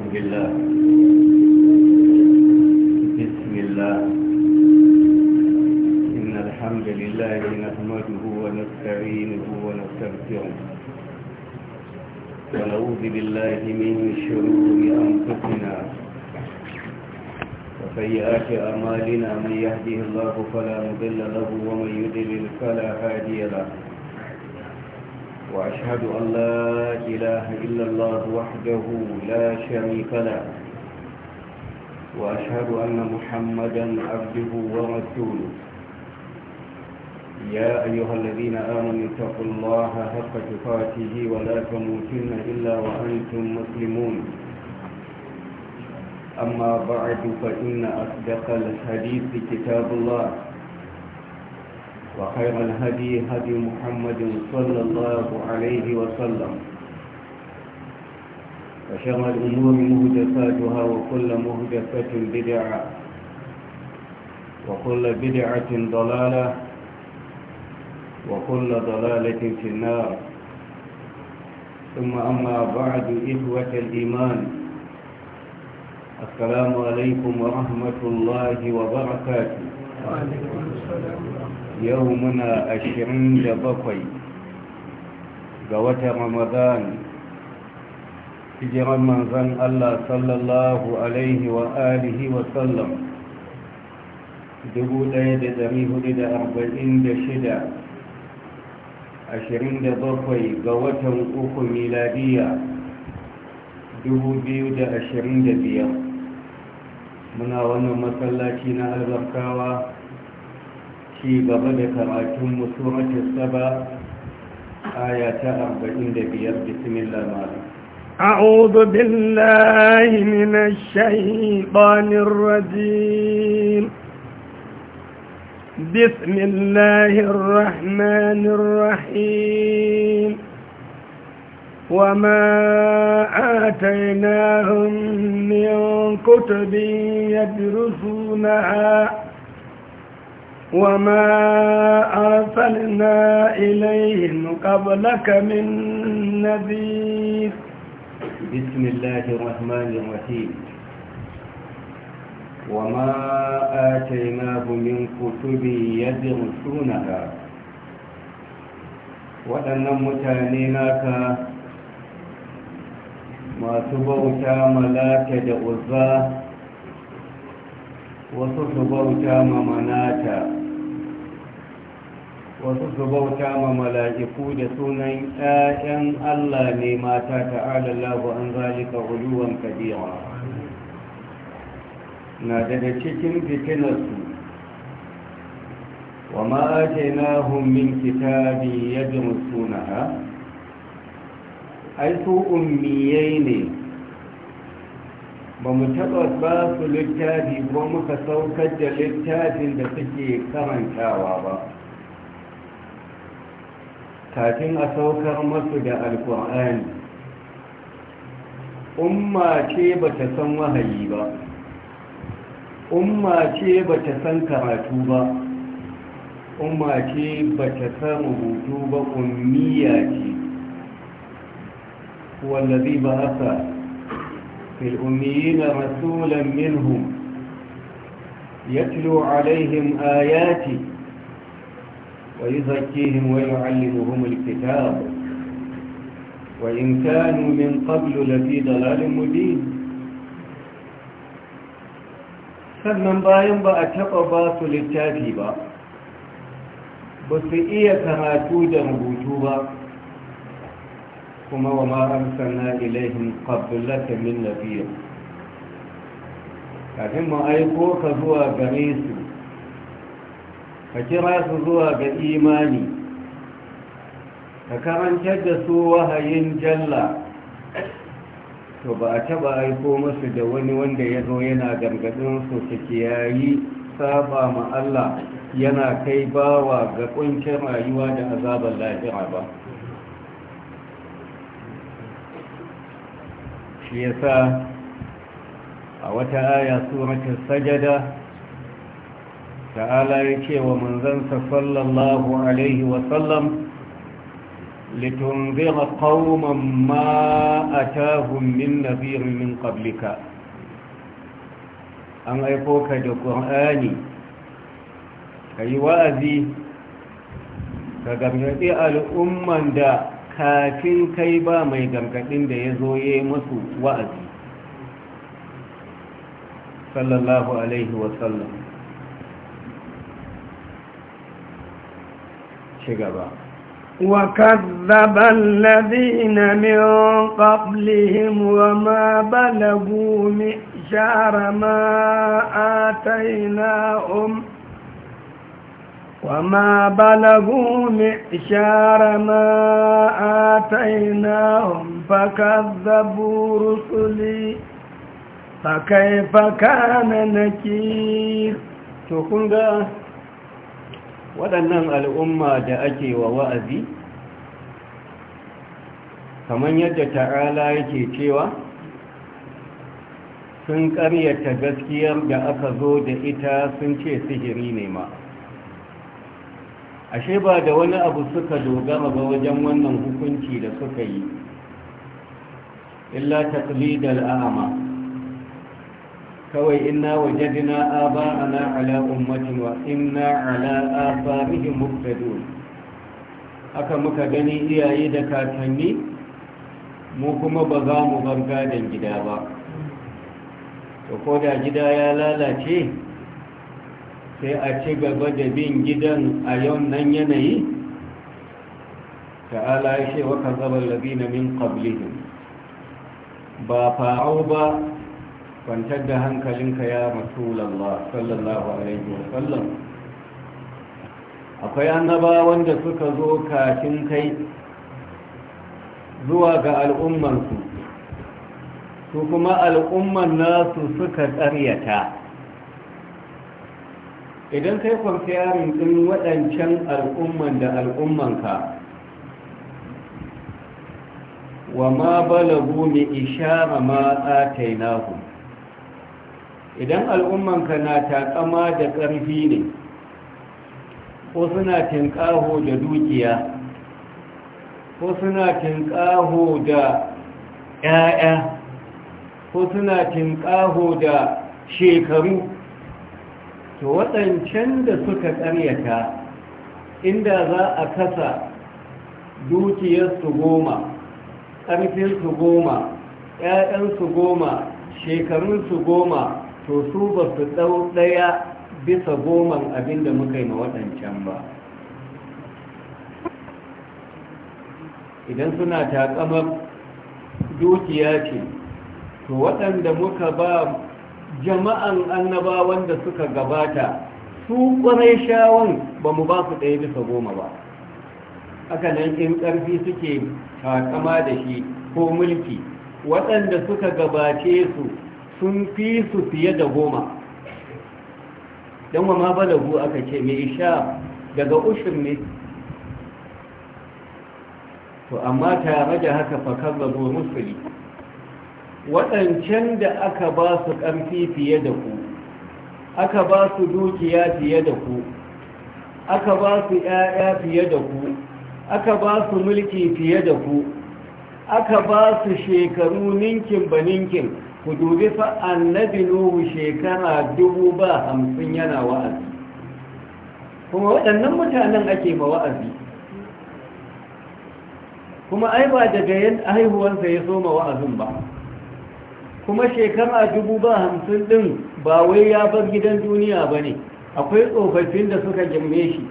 أعوذ بالله بسم الله إن الحمد لله نحمده ونستعينه ونستغفره ونعوذ بالله من شرور أنفسنا وسيئات أعمالنا من يهده الله فلا مضل له ومن يضلل فلا هادي له وأشهد أن لا إله إلا الله وحده لا شريك له وأشهد أن محمدا عبده ورسوله يا أيها الذين آمنوا اتقوا الله حق تقاته ولا تموتن إلا وأنتم مسلمون أما بعد فإن أصدق الحديث كتاب الله وخير الهدي هدي محمد صلى الله عليه وسلم وشر الأمور مهدفاتها وكل مهدفة بدعة وكل بدعة ضلالة وكل ضلالة في النار ثم أما بعد إخوة الإيمان السلام عليكم ورحمة الله وبركاته وعليكم السلام ورحمة الله yau muna ashirin da bakwai ga wata ramadan hijiran manzan Allah sallallahu alaihi wa alihi wa sallam 1446 ashirin da bakwai ga watan uku miladiya dubu biyu da ashirin da biyar muna wannan masallaci na albarkawa في قبل كراتم سورة السبا آية أربعين دبير بسم الله مالك أعوذ بالله من الشيطان الرجيم بسم الله الرحمن الرحيم وما آتيناهم من كتب يدرسونها وما أرسلنا إليهم قبلك من نذير بسم الله الرحمن الرحيم وما آتيناه من كتب يدرسونها وأن متانيناك ما تبوتا ملاك دعوزا وصف بوتا ممناتا wasu su bauta ma mala'iku da sunan ‘ya'yan Allah ne mata ta'ala labu an zalika huluwan kabiwa na daga cikin fitinarsu wa ma'ajenahun min kitabi yadda musunaha ai su ummiyai ne ba mu taɓa ba su littafi ko muka saukar da littafin da suke karantawa ba kafin a saukar masu da alkur'ani umma ce ba ta san wahayi ba umma ce ba ta san karatu ba umma ce ba ta san rubutu ba ummiya ce wallazi ba haka fil ummiyina rasulan minhum yatlu alaihim ayati ويزكيهم ويعلمهم الكتاب وإن كانوا من قبل لفي ضلال مبين sannan bayan ba a taɓa ba su littafi ba ba su iya karatu da rubutu ba kuma wa ma'ar sannan ilaihin ƙabdullata min nafiya kafin mu aiko ka zuwa gare su ka kira su zuwa ga imani ka karantar da su wahayin jalla to ba a taba aiko masu da wani wanda ya zo yana gargadin su su kiyayi saba ma Allah yana kai bawa ga kuncin rayuwa da azabar lafiya ba shi yasa a wata aya suratul sajada ta'ala ya ce wa manzansa sallallahu alaihi wasallam litunzira qauman ma atahum min nadhirin min qablika an aiko ka da qur'ani kai wa'azi ka gamgadi al'umman da kafin kai ba mai gamgadin da ya zo ya yi musu wa'azi sallallahu alaihi wasallam ci gaba wa kazzaba alladhina min qablihim wa ma balagu mishara ma atainahum وَمَا بَلَغُوا مِعْشَارَ مَا آتَيْنَاهُمْ فَكَذَّبُوا رُسُلِي فَكَيْفَ كَانَ نَكِيرٌ تُوْكُنْ قَالَ waɗannan al'umma da ake wa wa'azi kamar yadda ta'ala yake cewa sun ƙaryata gaskiyar da aka zo da ita sun ce sihiri ne ma ashe ba da wani abu suka dogara ba wajen wannan hukunci da suka yi illa taqlidal a'ama kawai inna aba ana ala ummatin wa inna ala atharihim muqtadun haka muka gani iyaye da kakanni mu kuma ba za mu bar gadin gida ba to ko da gida ya lalace sai a ci gaba da bin gidan a yau nan yanayi ta'ala ya ce wa kazabar labina min qablihim ba fa'au ba kwantar da hankalinka ya rasulallah sallallahu alaihi wasallam akwai annaba wanda suka zo kafin kai zuwa ga al'ummansu su kuma al'umman nasu suka tsaryata. idan kai kwamfiyarin ɗin waɗancan al'umman da al'ummanka wa ma balagu mai ishara ma atainahu idan al'ummanka na takama da ƙarfi ne ko suna tinƙaho da dukiya ko suna tinƙaho da ‘ya'ya ko suna tinƙaho da shekaru to waɗancan da suka ƙaryata inda za a kasa dukiyarsu goma ƙarfinsu goma ‘ya'yansu goma shekarunsu goma to su ba su ɗau ɗaya bisa goman abin da muka yi ma waɗancan ba idan suna takamar dukiya ce to waɗanda muka ba jama'an Annaba wanda suka gabata su kwarai shawon ba mu ba su ɗaya bisa goma ba haka nan in ƙarfi suke takama da shi ko mulki waɗanda suka gabace su sun fi su fiye da goma don wa ma balagu aka ce mai isha daga ushin ne to amma tare da haka fakar rabo musuli waɗancan da aka ba su ƙarfi fiye da ku aka ba su dukiya fiye da ku aka ba su ‘ya'ya fiye da ku aka ba su mulki fiye da ku aka ba su shekaru ninkin ba ninkin ku dubi fa annabi nuhu shekara dubu ba hamsin yana wa'azi kuma waɗannan mutanen ake ma wa'azi kuma ai ba daga yin haihuwansa ya so ma wa'azin ba kuma shekara dubu ba hamsin ɗin ba wai ya bar gidan duniya ba ne akwai tsofaffin da suka gimme shi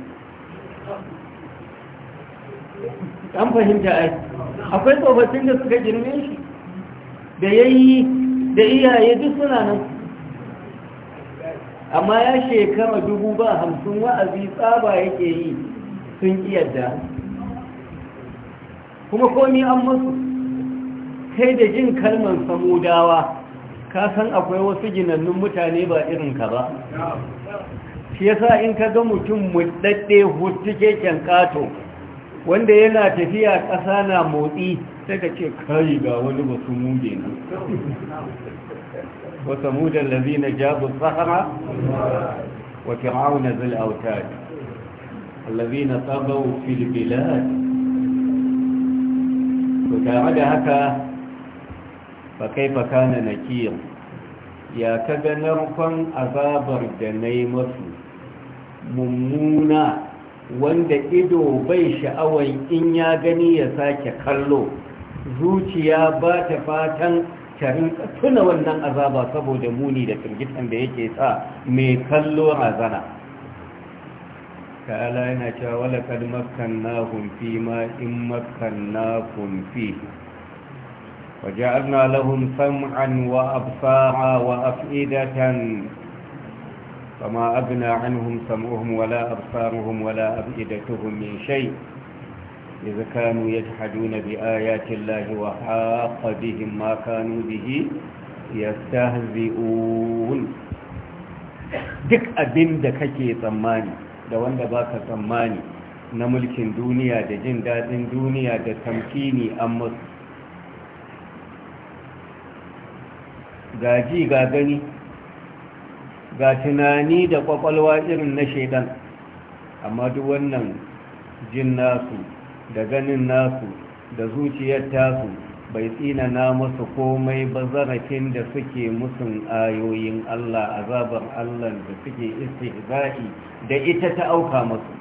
an fahimta ai akwai tsofaffin da suka girme shi da ya yi da iyaye duk suna nan amma ya shekara dubu ba hamsin wa'azi tsaba yake yi sun iyadda kuma komi an masu kai da jin kalman samudawa ka san akwai wasu ginannun mutane ba irinka ba shi yasa in ka ga mutum mutadde hutu keken kato wanda yana tafiya ƙasa na motsi sai ka ce kai ga wani wasu muge nan wata mudan lazi na jabu sahara wa fir'auna zil autad allazina tagaw fil bilad to tare da haka fa kaifa kana nakir ya kaga narkon azabar da nayi masu mummuna wanda ido bai sha'awar in ya gani ya sake kallo zuciya ba ta fatan tarin tuna wannan azaba saboda muni da firgitan da yake sa mai kallo razana ta'ala yana cewa wala kad na fi ma in makkannakum fi وجعلنا wa سمعا وأبصارا وأفئدة فما أبنى عنهم سمعهم ولا أبصارهم ولا أفئدتهم من shai. إذ كانوا يجحدون بآيات الله وحاق بهم ما كانوا به يستهزئون duk abin da kake tsammani da wanda baka tsammani na mulkin duniya da jin daɗin duniya da tamkini an musu gaji ga gani ga tunani da kwakwalwa irin na shaidan amma duk wannan jin nasu da ganin nasu da zuciyar tasu bai tsinana musu komai ba zarafin da suke musun ayoyin Allah azabar Allah da suke istihza'i da ita ta auka musu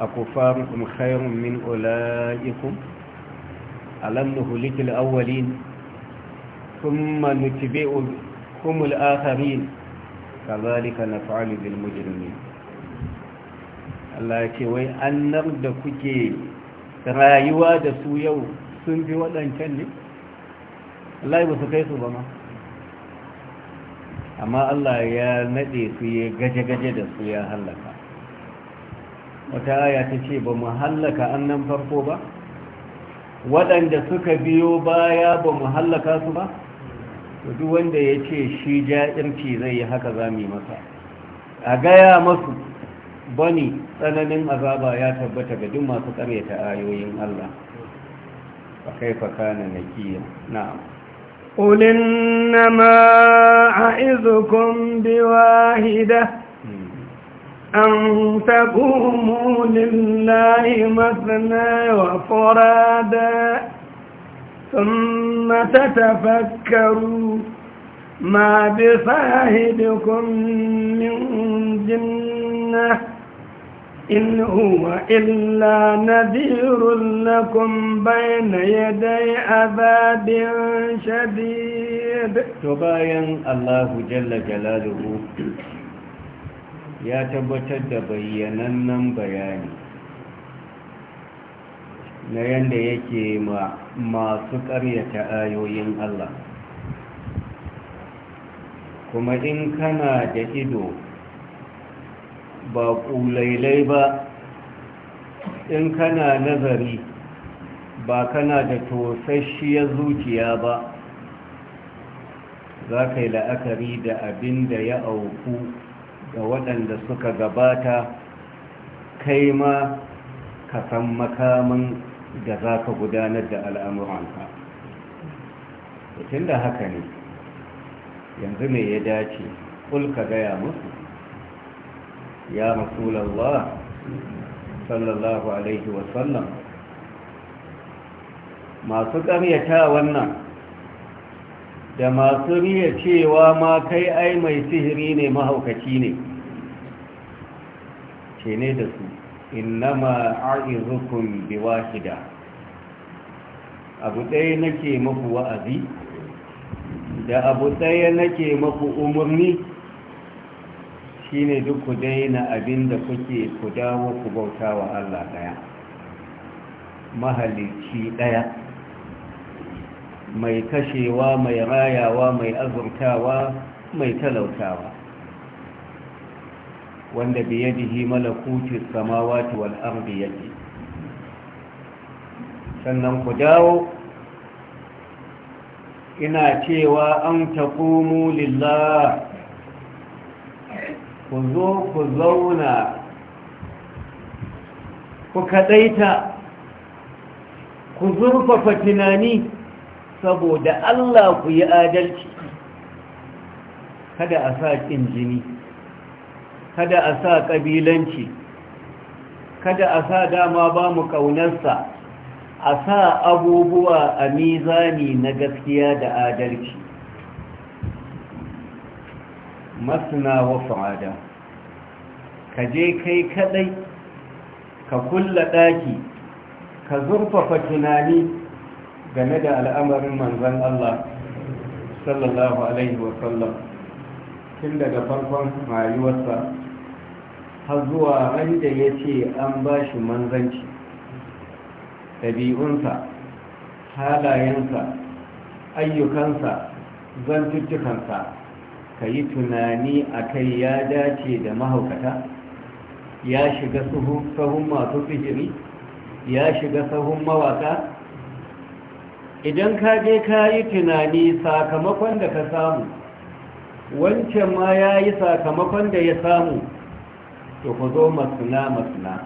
akufarukum khairun min ulaikum alam nuhlikil awwalin thumma nutbi'ukum al-akharin kadhalika naf'alu bil mujrimin Allah ya ce wai annar da kuke rayuwa da su yau sun fi waɗancan ne Allah ba su kai su ba ma amma Allah ya naɗe su ya gaje-gaje da su ya hallaka wata aya ta ce ba mu hallaka annan farko ba waɗanda suka biyo baya ba mu hallaka su ba duk wanda ya ce shi ja'irci zai yi haka za mu yi masa a gaya masu bane tsananin azaba ya tabbata ga duk masu karyata ayoyin Allah fa kaifa kana nakiya na'am قل إنما أعذكم بواحدة أن تقوموا لله مثنى وفرادا ثم تتفكروا ما بصاحبكم من جنة إن هو إلا نذير لكم بين يدي عذاب شديد تباين الله جل جلاله ya tabbatar da bayyanannen bayani na yadda yake ma masu ƙaryata ayoyin Allah kuma in kana da ido ba ƙulailai ba in kana nazari ba kana da tosashiyar zuciya ba za ka yi la'akari da abin da ya auku ga waɗanda suka gabata kai ma ka san makamin da za ka gudanar da al'amuranka tun da haka ne yanzu mai ya dace ƙulka gaya musu يا رسول الله صلى الله عليه وسلم masu ƙaryata wannan da masu riya cewa ma kai ai mai sihiri ne mahaukaci ne ce ne da su innama a'izukum biwahida abu ɗaya nake maku wa'azi da abu ɗaya nake maku umarni Shi ne duk ku daina abin da kuke ku dawo ku bauta wa Allah daya Mahalici daya mai kashewa mai rayawa mai azurtawa mai talautawa wanda yadihi malakuti samawati wal ardi yake sannan ku dawo ina cewa an taqumu lillah ku zo ku zauna ku kaɗaita ku zurfafa tunani saboda Allah ku yi adalci kada a sa ƙin jini kada a sa ƙabilanci kada a sa dama ba mu ƙaunarsa a sa abubuwa a mizani na gaskiya da adalci masna wa fa'ada ka je kai kadai ka kulla daki ka zurfafa tunani game da al'amarin manzon Allah sallallahu alaihi wa tun daga farkon rayuwarsa har zuwa wanda ya ce an ba shi manzanci ɗabi'unsa halayensa ayyukansa zantuttukansa ka yi tunani a kai ya dace da mahaukata ya shiga sahun masu sihiri ya shiga sahun mawaka idan ka je ka yi tunani sakamakon da ka samu wancan ma ya yi sakamakon da ya samu to ku zo masuna masuna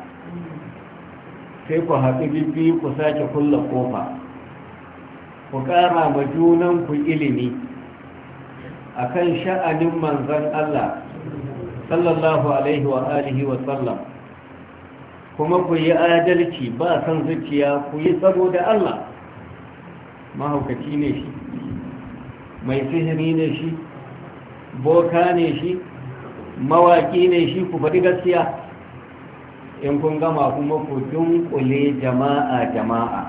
sai ku haɗu bibbi ku sake kulla kofa ku ƙara ma junanku ilimi akan sha'anin manzan Allah sallallahu alaihi wa alihi wa sallam kuma ku yi adalci ba san zuciya ku yi saboda Allah mahaukaci ne shi mai sihiri ne shi boka ne shi mawaki ne shi ku faɗi gaskiya in kun gama kuma ku dunkule jama'a jama'a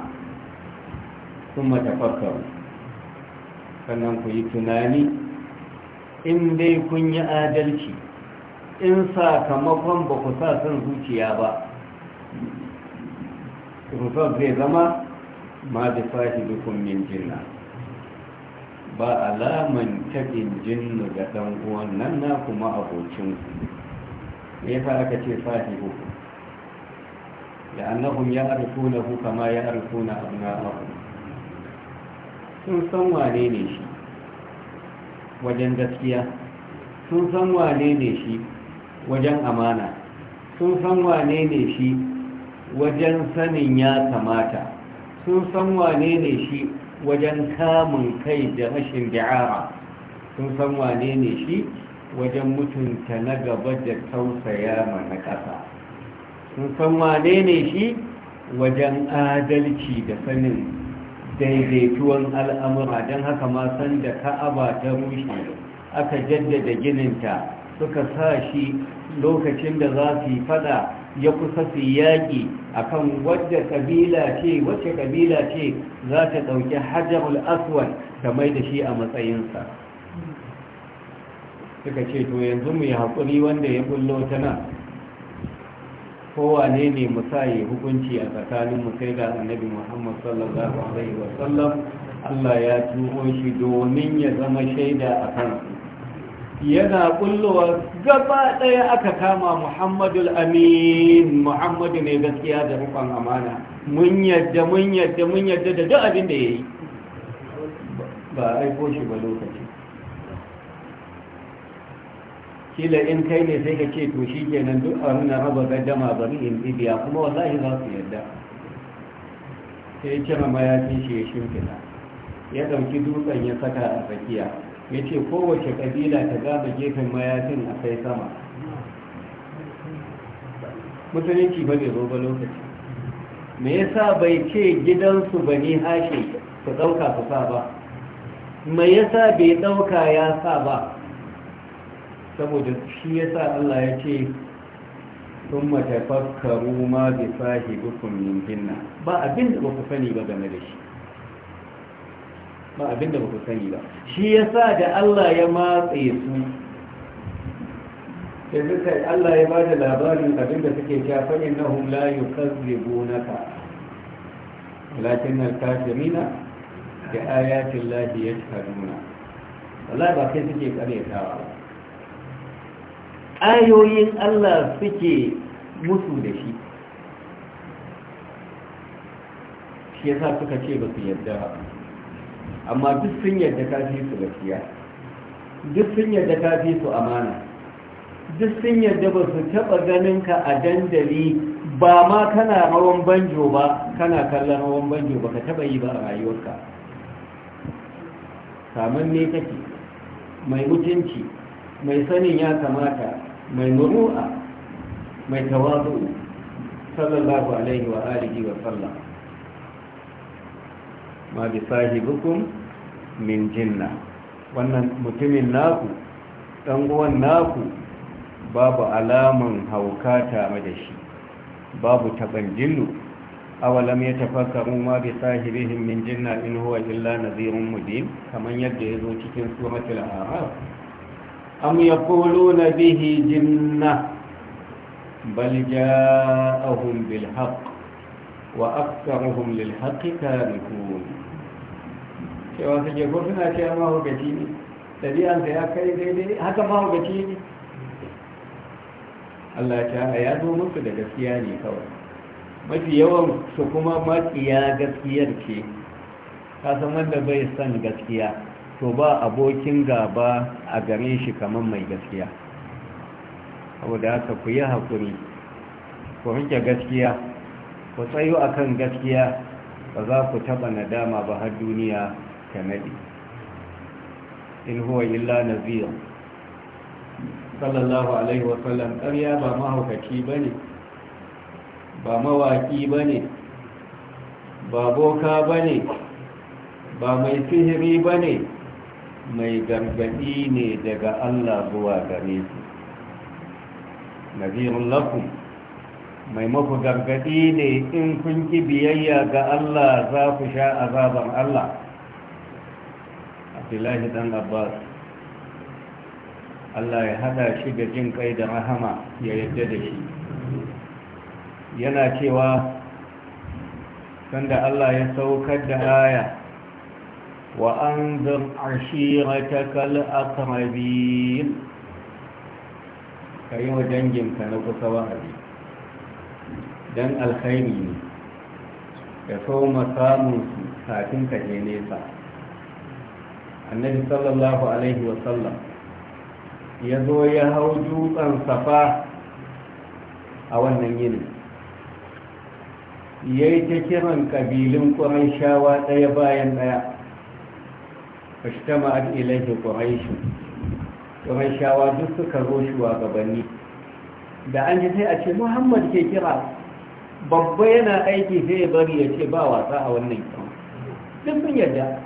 kuma tafakkaru sannan ku yi tunani in dai kun yi adalci in sakamakon ba ku sa son zuciya ba rufar zai zama ma da fashi min jinna ba alaman taɓin jinnu ga ɗan uwan nan na kuma abokin ku ya sa aka ce fashi sahibikun da annahum ya arfuna ku kama ya na abna sun san wane ne shi wajen gaskiya sun san wane ne shi wajen amana sun san wane ne shi wajen sanin ya kamata sun san wane ne shi wajen kamun kai da rashin da'ara sun san wane ne shi wajen mutunta na gaba da tausaya ma na ƙasa sun san wane ne shi wajen adalci da sanin daidaituwan al'amura don haka ma san da ka'aba ta rushe aka jaddada gininta suka sa shi lokacin da za su yi fada ya kusa su yaƙi a kan wadda ƙabila ce wacce ƙabila ce za ta ɗauki hajjarul aswad ta mai da shi a matsayinsa suka ce to yanzu mu yi haƙuri wanda ya bullo ta nan kowane ne musaye hukunci a tsakanin musai da annabi muhammad sallallahu alaihi wasallam allah ya tuho shi domin ya zama shaida a kansu yana kullowa gaba ɗaya aka kama muhammadul amin muhammadu ne gaskiya da rikon amana mun yadda mun yadda mun yadda da duk abin da ya yi ba aiko shi ba lokaci kila in kai ne sai ka ce to shi kenan duk a nuna raba gaddama bari in bibiya kuma wallahi za su yarda sai cire mayafin shi ya shimfiɗa ya ɗauki dutsen ya saka a tsakiya ya ce kowace ƙabila ta gama gefen mayafin a kai sama mutunci ba bai zo ba lokaci me yasa bai ce gidansu ba ne hashe su ɗauka su sa ba me yasa bai ɗauka ya sa ba saboda shi ya sa Allah ya ce sun matafakkaru ma bi sahibukun min jinna ba abin da baku sani ba game da shi ba abin da baku sani ba shi ya sa da Allah ya matse su da duka Allah ya ba da labarin abin da suke cewa fa innahum la yukazzibunaka walakin al-kafirina bi ayati llahi haduna. wallahi ba kai suke karyatawa ba ayoyin Allah suke musu da shi shi yasa suka ce ba su yarda ba amma duk sun yarda fi su gaskiya duk sun yarda fi su amana duk sun yarda ba su taɓa ganin ka a dandali ba ma kana rawan banjo ba kana kallon rawan banjo ba ka taɓa yi ba a rayuwarka kamar ne kake mai mutunci mai sanin ya kamata mai muru'a mai tawazu sallallahu alaihi wa alihi wa sallam ma bi sahibukum min jinna wannan mutumin naku dan uwan naku babu alaman hauka tare da shi babu taban jinnu awalam ya tafakkaru ma bi sahibihim min jinna in huwa illa nadhirun mubin kaman yadda yazo cikin suratul a'raf أم يقولون به جنة بل جاءهم بالحق وأكثرهم للحق كارهون cewa suke ko suna cewa mahaukaci ne ɗabi'ansa ya kai daidai haka mahaukaci ne Allah ta ya zo musu da gaskiya ne kawai mafi yawan su kuma maƙiya gaskiyar ce kasan wanda bai son gaskiya to ba abokin gaba a gare shi kamar mai gaskiya da haka ku yi haƙuri ku rike gaskiya ku tsayo kan gaskiya ba za ku taɓa nadama ba har duniya ta naɗi in huwa illa nazir sallallahu alaihi wasallam ƙarya ba mahaukaci ba ne ba mawaƙi ba ne ba boka ba ne ba mai sihiri ba ne mai gargadi ne daga Allah zuwa gare su nazirun lakum mai mafi gargadi ne in kun ki biyayya ga Allah za ku sha azabar Allah abdullahi dan abbas Allah ya hada shi da jin kai da rahama ya yadda da shi yana cewa sanda Allah ya saukar da aya وأنذر عشيرتك الأقربين ka yi wa danginka na kusa wa'azi don alkhairi ne da sauma samunsu kafin ka je nesa annabi sallallahu alaihi wasallam ya zo ya hau dutsen safa a wannan yinin ya yi ta kiran ƙabilun ƙwarai shawa ɗaya bayan ɗaya fashtama'at ilayhi quraish quraishawa duk suka zo gabanni. da an ji sai a ce muhammad ke kira babba yana aiki sai ya bari ya ce ba wasa a wannan kyau duk sun yadda,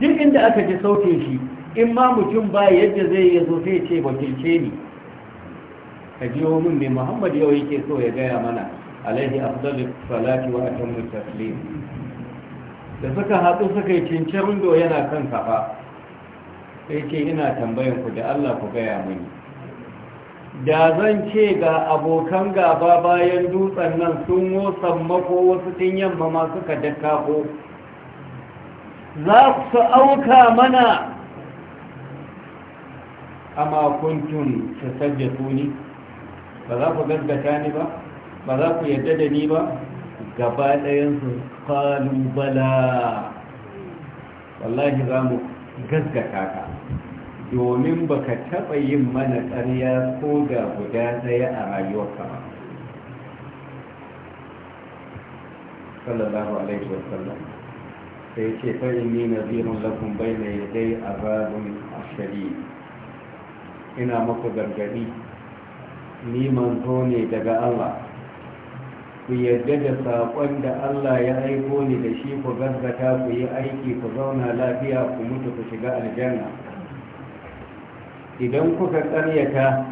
duk inda aka ji sautin shi in ma mutum ba yadda zai yi zo sai ce wakilce ni ka biyo min mai muhammad yau yake so ya gaya mana alaihi afdalus salati wa atammu taslim da suka haɗu suka yi cincirin rundo yana kan kafa sai ce ina tambayin ku da Allah ku gaya mini da zan ce ga abokan gaba bayan dutsen nan sun wosan mako wasu tun yamma ma suka ko za su auka mana a kuntun su sajja tuni ba za ku gaskata ni ba ba za ku yadda da ni ba gaba ɗayansu qalu bala wallahi za mu gaskata ka domin baka taba yin mana ƙarya ko da guda ɗaya a rayuwarka ba sallallahu alaihi wasallam sai ce fa inni nazirun lakum bayna yaday azabun ashari ina muku gargadi ni manzo ne daga Allah ku yarda da saƙon da Allah ya aiko ni da shi ku gaskata ku yi aiki ku zauna lafiya ku mutu ku shiga aljanna idan kuka ƙaryata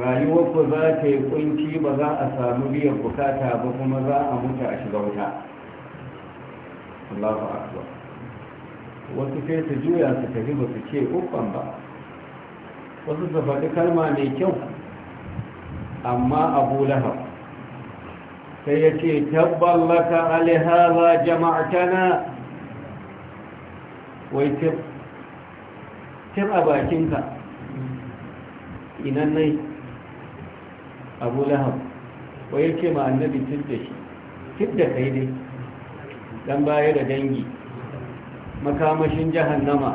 rayuwarku za ta yi kunci ba za a samu biyan bukata ba kuma za a mutu a shiga wuta Allahu akbar wasu sai su juya su tafi ba su ce uffan ba wasu su faɗi kalma mai kyau amma abu lahab sai ya ce tabballaka alihaza jama'atana wai tir a bakinka inan nai abu lahab wai ya ce ma'annabi tir da shi tir da kai dai dan baya da dangi makamashin jahannama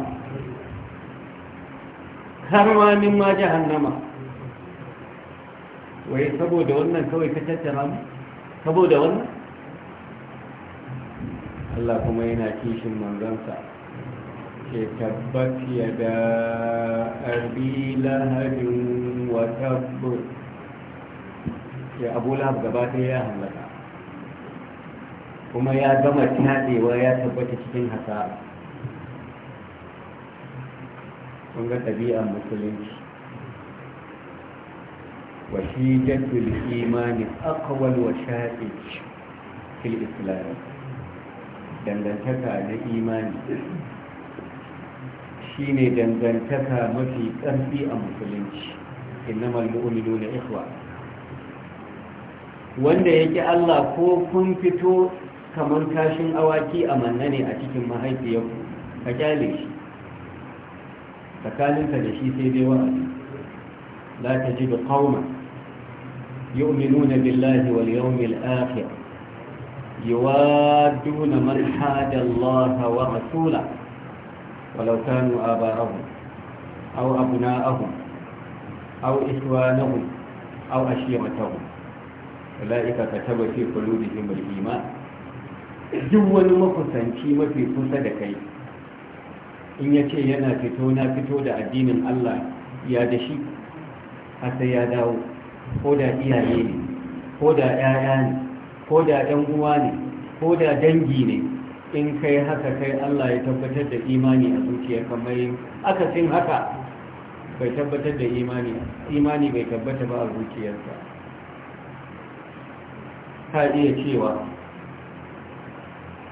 har ma min ma jahannama wai saboda wannan kawai ka tattara mu saboda wannan Allah kuma yana kishin manzansa ke tabbat ya da arbi laharin wata tabbut ya abu lahab gaba ɗaya ya hallaka kuma ya gama tatsewa ya tabbata cikin hasara kun ga ɗabi'ar musulunci وفي جد الإيمان أقوى وشائج في الإسلام dangantaka na imani shine dangantaka mafi karfi a musulunci innamal mu'minu na ikhwa wanda yake Allah ko kun fito kamar kashin awaki a manane a cikin mahaifiyarku ka kyale shi tsakaninka da shi sai dai wa'azi la tajidu qauman يؤمنون بالله واليوم الآخر يوادون من حاد الله ورسوله ولو كانوا آباءهم أو أبناءهم أو إخوانهم أو أشيرتهم أولئك كتب في قلوبهم الإيمان جوان مقصن كيما في كي إن يتي ينا فتونا فتو دا الدين الله يا دشي حتى يا داود ko da iyaye ne ko da 'ya'ya ne ko da ɗan uwa ne ko da dangi ne in kai haka kai Allah ya tabbatar da imani a zuciya kamar yin akasin haka bai tabbatar da imani imani bai tabbata ba a zuciyarsa ka iya cewa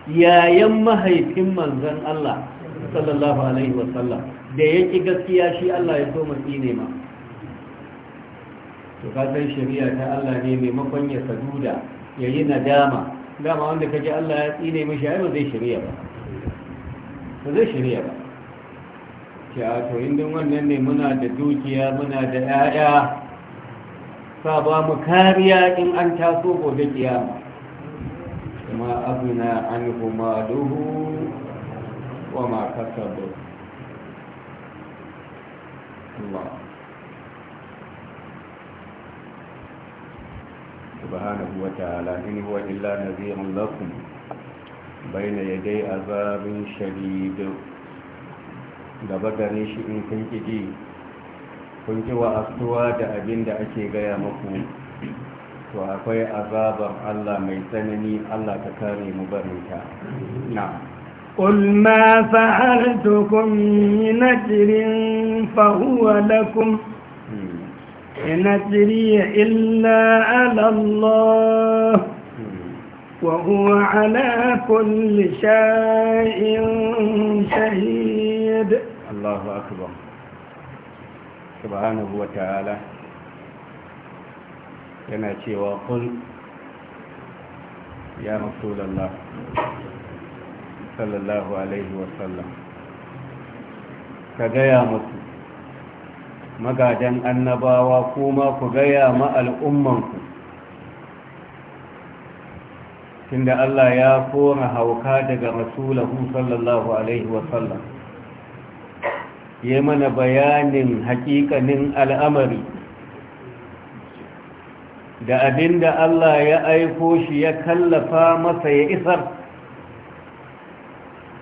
yayan mahaifin manzan Allah sallallahu alaihi wasallam da yake gaskiya shi Allah ya so masu ne ma to kasan shari'a ta Allah ne maimakon ya saduda ya yi nadama dama wanda ka ji Allah ya tsine mashi ai ba zai shari'a ba ba zai shari'a ba ce a to inda wannan ne muna da dukiya muna da 'ya'ya sa ba mu kariya in an taso gobe kiyama kuma abuna an kuma duhu wa ma kasabu Allah سبحانه وتعالى إن هو إلا نذير لكم بين يدي عذاب شديد gaba shi in kun kiji kun ji wa'astuwa da abin da ake gaya maku. to akwai azabar Allah mai tsanani Allah ta kare mu barinta na قل ما فعلتكم من أجر فهو لكم إن أجري إلا على الله وهو على كل شيء شهيد الله أكبر سبحانه وتعالى yana cewa kun ya rasulallah sallallahu alaihi wasallam ka gaya musu magadan annabawa kuma ku gaya ma al'ummanku tunda Allah ya kora hauka daga rasulahu sallallahu alaihi wasallam ya mana bayanin hakikanin al'amari da abinda Allah ya aiko shi ya kallafa masa ya isar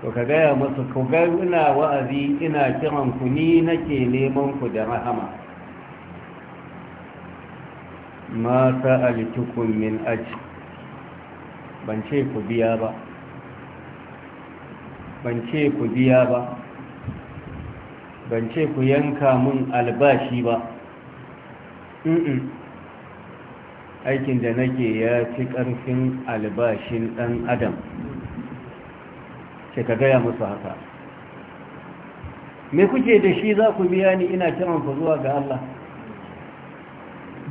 to ka gaya masu ku ga ina wa'azi ina kiran ku ni nake neman ku da rahama ma sa'altukum min aji. ban ce ku biya ba ban ce ku biya ba ban ce ku yanka mun albashi ba aikin da nake ya fi ƙarfin albashin ɗan adam ce ka gaya musu haka me kuke da shi za ku biya ni ina kiran ku zuwa ga Allah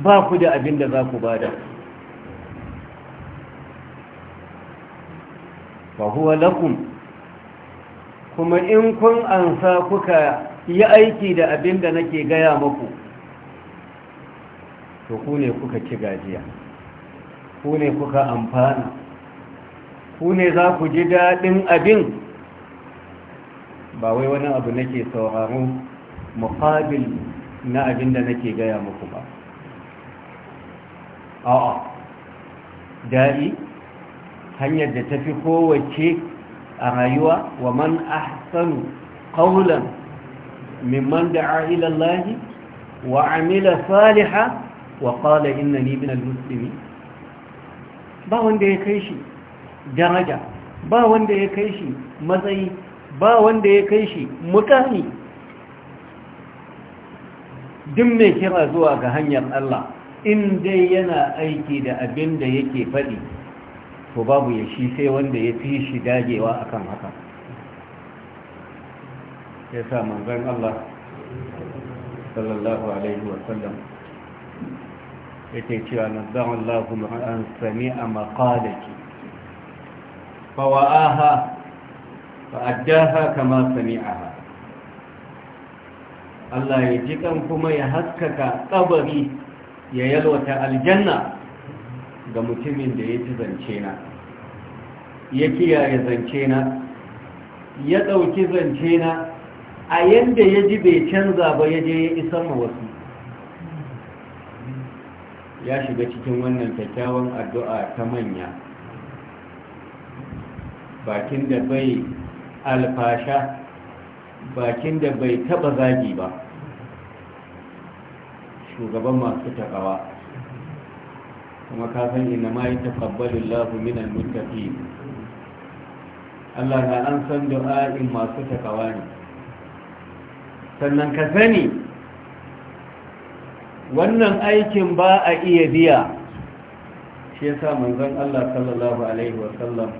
ba ku da abin da za ku bada fa huwa lakum kuma in kun ansa kuka yi aiki da abin da nake gaya muku to ku ne kuka ci gajiya ku ne kuka amfana ku ne za ku ji daɗin abin ba wai wani abu nake sauraro muqabil na abin da nake gaya muku ba a'a da'i hanyar da tafi kowace a rayuwa wa man ahsanu qawlan mimman da'a ila Allah wa amila salihan wa qala innani minal muslimin ba wanda ya kai shi daraja ba wanda ya kai shi matsayi ba wanda ya kai shi mukami duk mai kira zuwa ga hanyar Allah in dai yana aiki da abin da yake faɗi to babu ya shi sai wanda ya fi shi dagewa akan haka ya sa manzan Allah sallallahu alaihi wasallam yake cewa nazzaron Allah an sami a makalaki فوآها فأداها كما سمعها الله يجيكم كما يهكك قبري يلوة الجنة ga mutumin da ya ci zance na ya kiyaye zance na ya ɗauki zance na a yadda ya ji bai canza ba ya je ya isar ma wasu ya shiga cikin wannan kyakkyawan addu'a ta manya bakin da bai alfasha bakin da bai taba zagi ba shugaban masu takawa kuma kasan ina ma yi taƙabbalin lafumin almuttafi Allah na an san du'a'in masu takawa ne sannan ka sani wannan aikin ba a iya biya shi ya yasa manzon Allah sallallahu alaihi wasallam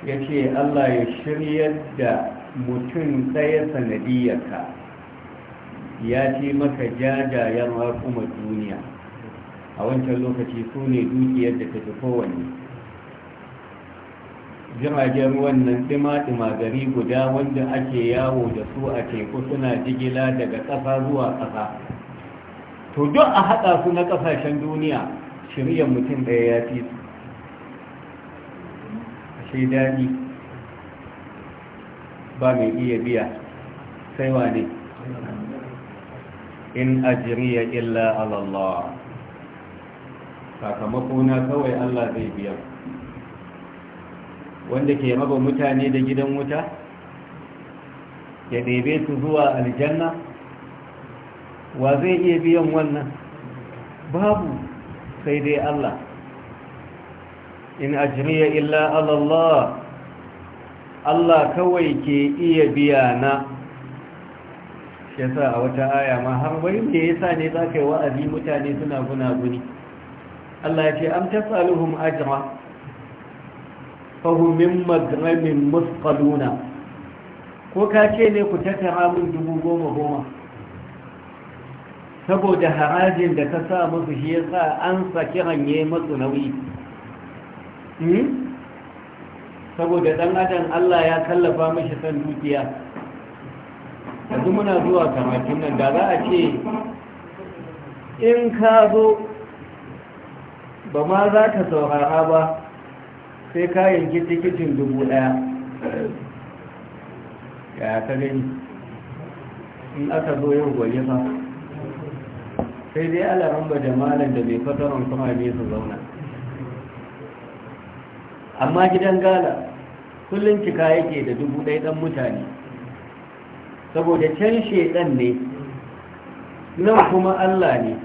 ya ce allah ya shiryar da mutum ɗaya sanadiyyarka. ya ce maka jajayen kuma duniya a wancan lokaci su ne dukiyar da ta fi kowanne jiragen wannan ɗima-ɗima gari guda wanda ake yawo da su a teku suna jigila daga ƙasa zuwa ƙasa to duk a haɗa su na ƙasashen duniya shirya mutum ɗaya ya fi su sai daɗi ba mai iya biya sai wane in ajiriya illa alallah sakamakona kawai Allah zai biya wanda ke maba mutane da gidan wuta ya ɗebe su zuwa aljanna wa zai iya biyan wannan babu sai dai Allah in ajriya illa ala Allah Allah kawai ke iya biya na shi yasa a wata aya ma har wurin da yasa ne ka yi wa'azi mutane suna gunaguni Allah ya ce am tasaluhum ajra fahum min maghramin musqaluna ko ka ce ne ku tattara min dubu goma goma saboda harajin da ta sa musu shi ya sa an sa kiran ya yi matsu nauyi Hmm? saboda dan adam Allah ya kallafa mashi san dukiya yanzu muna zuwa kamakin nan da za a ce in ka zo ba ma za ka saurara ba sai ka yanki tikitin dubu daya ya ka gani in aka zo yau gwaye ba sai dai alaran ba da malam da mai fataron kuma ne su zauna amma gidan gala kullum cika yake da dubu ɗaya ɗan mutane saboda can shaidan ne nan kuma Allah ne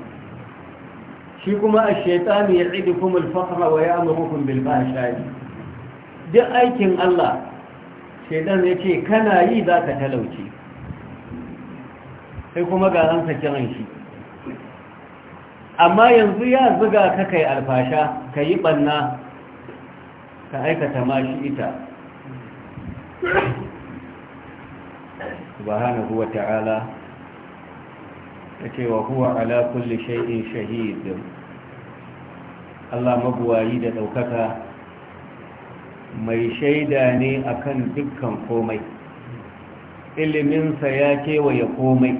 shi kuma a shaitanu ya tsidi kuma alfahara wa ya amurkun bilba shari duk aikin Allah shaidan ya ce kana yi za ka talauci sai kuma ga ransa kiran shi amma yanzu ya zuga ka kai alfasha ka yi ɓanna ka aikata ma shi ita subhanahu wa ta'ala ta ce wa huwa ala kulli shay'in shahid Allah mabuwayi da ɗaukaka mai shaida ne akan dukkan komai iliminsa ya kewaye komai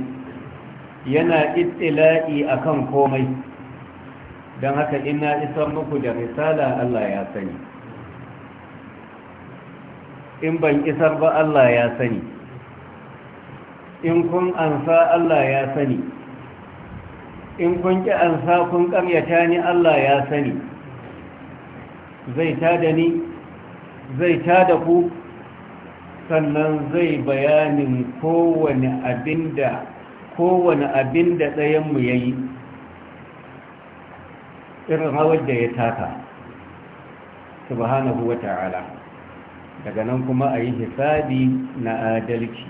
yana itila'i akan komai don haka ina isan muku da risala Allah ya sani in ban isar ba Allah ya sani in kun ansa Allah ya sani in kun ki ansa kun ƙaryata ni Allah ya sani zai tada ni zai tada ku sannan zai bayanin kowane abinda kowane abinda ɗayanmu ya yi irin hawar da ya taka subhanahu wa ta'ala daga nan kuma a yi hisabi na adalci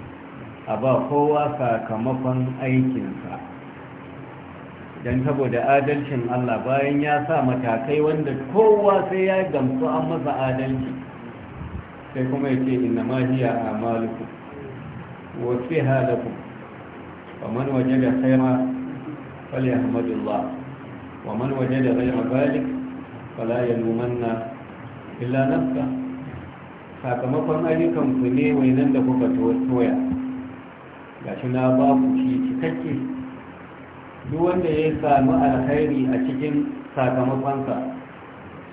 a ba kowa sakamakon aikinsa don saboda adalcin Allah bayan ya sa matakai wanda kowa sai ya gamsu an masa adalci sai kuma ya ce ina ma hiya da wa fiha fali faman wajada khayra falyahmadillah waman wajada ghayra dhalik fala yalumanna illa nafsahu sakamakon ayyukan ku ne nan da kuka toya shi na ba ku shi cikakke duk wanda ya samu alkhairi a cikin sakamakonsa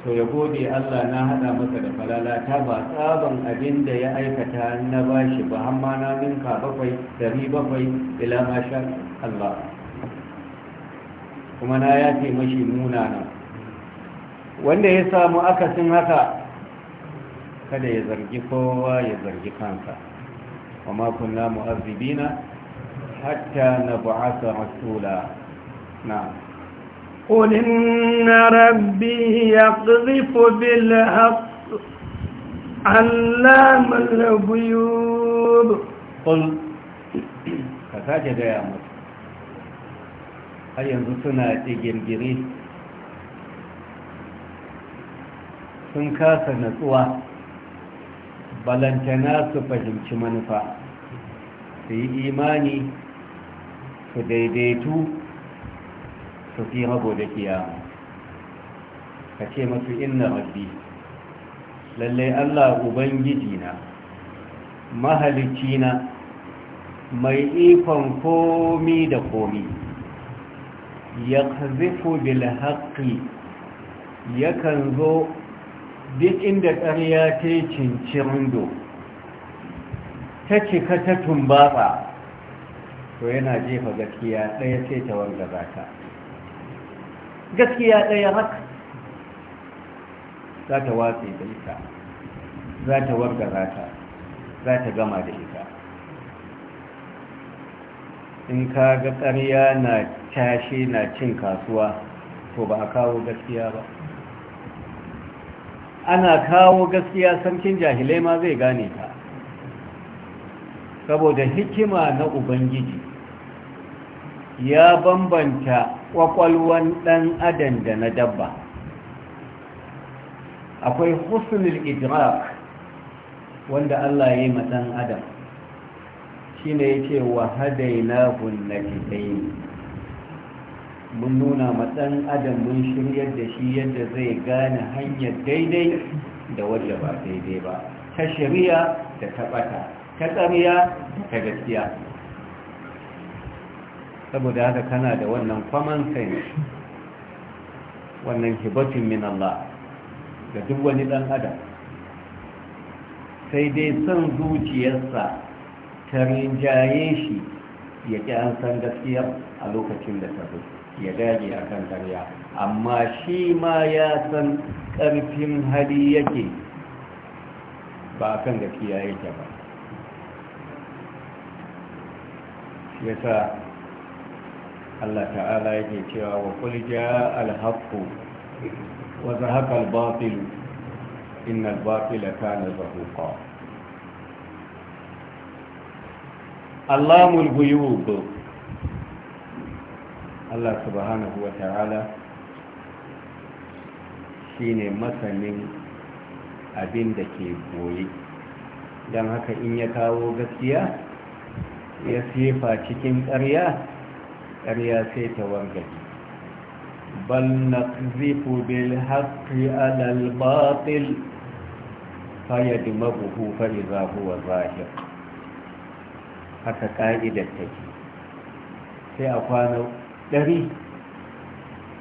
to ya gode Allah na hada masa da falala ta ba tsaban abin da ya aikata na bashi ba amma na ninka bakwai dari bakwai ila masha Allah kuma na yafe mashi munana wanda ya samu akasin haka kada ya zargi kowa ya zargi kansa wa ma kunna mu'azzibina hatta nab'atha rasula na'am قل إن ربي يقذف بالحق علام الغيوب Ka كذا يا مصر har yanzu suna girgire sun kasa natsuwa balantana su fahimci manufa su yi imani su daidaitu su fi rago da kiyama ka ce masu inna rabbi lallai allah ubangiji na mahalicci na mai ikon komi da komi ya ku bil ya yakan zo duk inda ƙarya ta yi cincirindo ta cika ta tumbatsa to yana jefa gaskiya ɗaya sai ta wanda za ta gaskiya ɗaya haka za ta watsi da ita za ta warga za ta za ta gama da ita in ka ga ƙarya na tashi na cin kasuwa to ba a kawo gaskiya ba ana kawo gaskiya sarkin jahilai ma zai gane ta saboda hikima na ubangiji ya bambanta kwakwalwan ɗan adam da na dabba akwai husnul idrak wanda Allah ya yi ma ɗan adam shine yake wa hadaina hunnatain mun nuna matsan adam mun shiryar da shi yadda zai gane hanyar daidai da wadda ba daidai ba ta shari'a da ta bata ta tsariya ta gaskiya saboda haka kana da wannan common sense wannan hibatun min Allah ga duk wani dan adam sai dai son zuciyarsa ta rinjaye shi ya ƙi an san gaskiya a lokacin da ta zuci ya dage a kan karya amma shi ma ya san ƙarfin hali yake ba kan gaskiya yake ba ya sa Allah ta'ala yake cewa wa kul ja wa zahaqa al inna al kana zahuqa Allahul ghuyub Allah subhanahu wa ta'ala shi ne masanin abin da ke boye don haka in ya kawo gaskiya ya sifa cikin ƙarya ƙarya sai ta wargaji bal na zifu bil haƙi alal batil fayyadi mabuhu fa'iza huwa zahir haka ƙa'idar take sai a kwana ɗari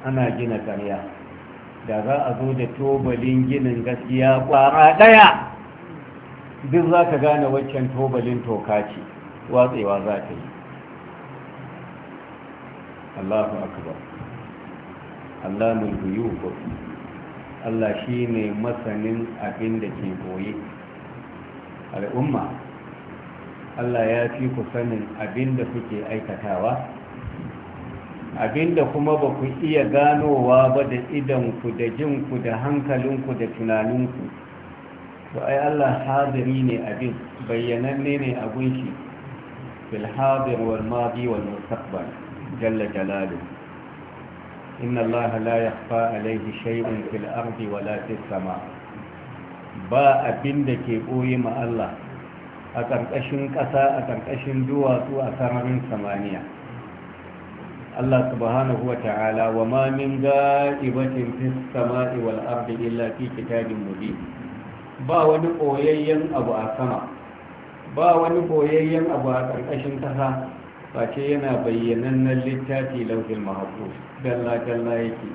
ana gina ƙarya da za a zo da tobalin ginin gaskiya ƙwara ɗaya duk za ka gane waccan tobalin toka ce watsewa za ta yi allahu akbar allah mulkiyu allah shi ne masanin abin da ke koyi al'umma allah ya fi ku sanin abin da suke aikatawa abinda kuma ba ku iya ganowa ba da idanku da jinku da hankalinku da tunaninku ku ai Allah haziri ne abin bayyananne ne a gunshi fil hadir wal madi wal mustaqbal jalla jalaluhu إن الله لا يخفى عليه شيء في الأرض ولا في da ke ɓoye ma Allah a ƙarƙashin ƙasa a ƙarƙashin duwatsu a sararin samaniya Allah subhanahu wa ta'ala wa ma min ga'ibatin fis sama'i wal ardi illa fi kitabin mubin ba wani koyayyen abu a sama ba wani koyayyen abu a karkashin kasa face yana bayyanannen littafi lauhin mahfuz dalla dalla yake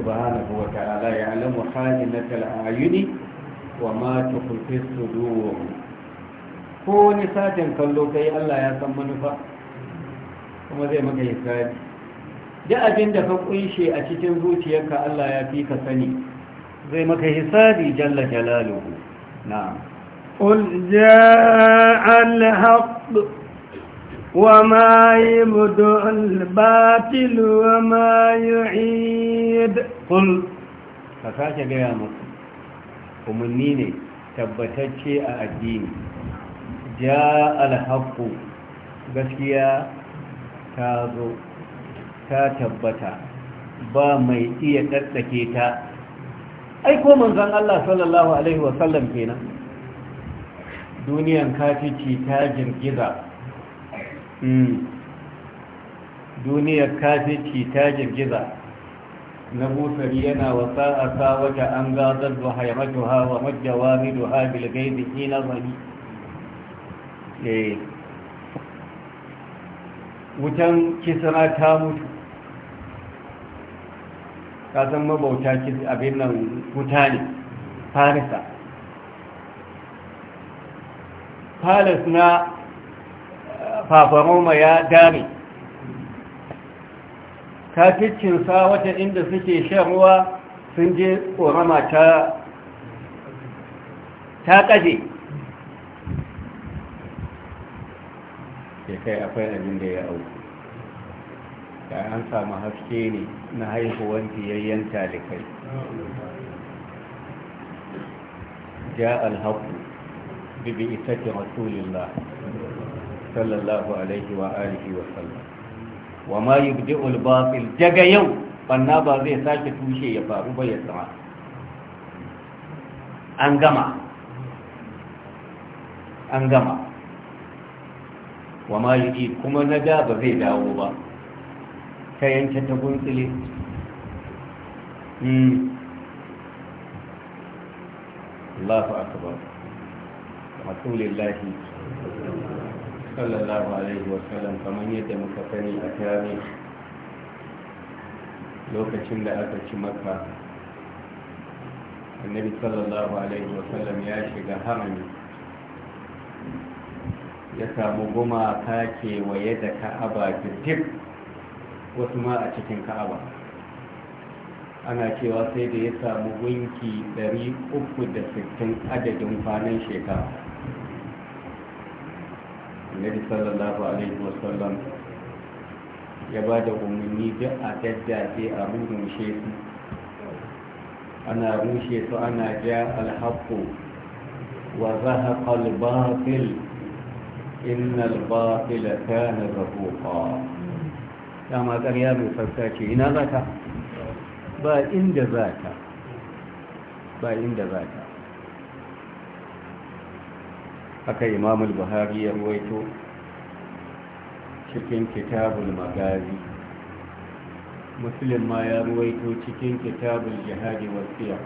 subhanahu wa ta'ala ya'lamu khazinatal ayuni wa ma tukhfi sudur ko wani satin kallo kai Allah ya san manufa kuma zai maka hisabi duk abin da ka kunshe a cikin zuciyarka Allah ya fi ka sani zai maka hisabi jalla jalaluhu na'am qul ja'a al-haqq gaya muku umarni ne tabbatacce a addini ja alhaku gaskiya ta zo ta tabbata ba mai iya tsattsake ta aiko manzan Allah sallallahu Alaihi wasallam kenan duniyan kafici ta girgiza hmm. duniyar kafici ta girgiza na busari yana wasa a sawata an gazar da haimatuwa wa majjawa miduwa bilgaibi ina zani eh. wutan kisana ta mutu ka san mabauta abin nan wuta ne farisa palas na fafaroma eh, ya dame sa wata inda suke shan ruwa sun je ƙorama ta ƙaje ke kai akwai abin da ya auku da an samu haske ne na haihuwan fiyayyen talikai ja alhaku bibi ita ke sallallahu alaihi wa alihi wa sallam wa ma ulbafil daga yau banna ba zai sake tushe ya faru ba ya sama an gama an gama wa ma kuma na da ba zai dawo ba ta yanke ta guntsile hmm. akbar Rasulullahi sallallahu alaihi kamar yadda muka sani a tare lokacin da aka ci maka annabi sallallahu alaihi ya shiga harami ya samu gumaka kewaye da ka'aba jirgin wasu ma a cikin ka'aba ana cewa sai da ya samu gunki 360 adadin kwanan shekara annabi sallallahu alaihi wasallam ya ba da umarni duk a daddace a rushe su ana rushe su ana ja alhaku wa zahaƙal batil إن الباطل كان زهوقا كما قال يا من فساكي إن ذاك با إن ذاك با إن ذاك haka imam al-buhari ya ruwaito cikin kitabul magazi muslim ma ya ruwaito cikin kitabul jihadi wasiya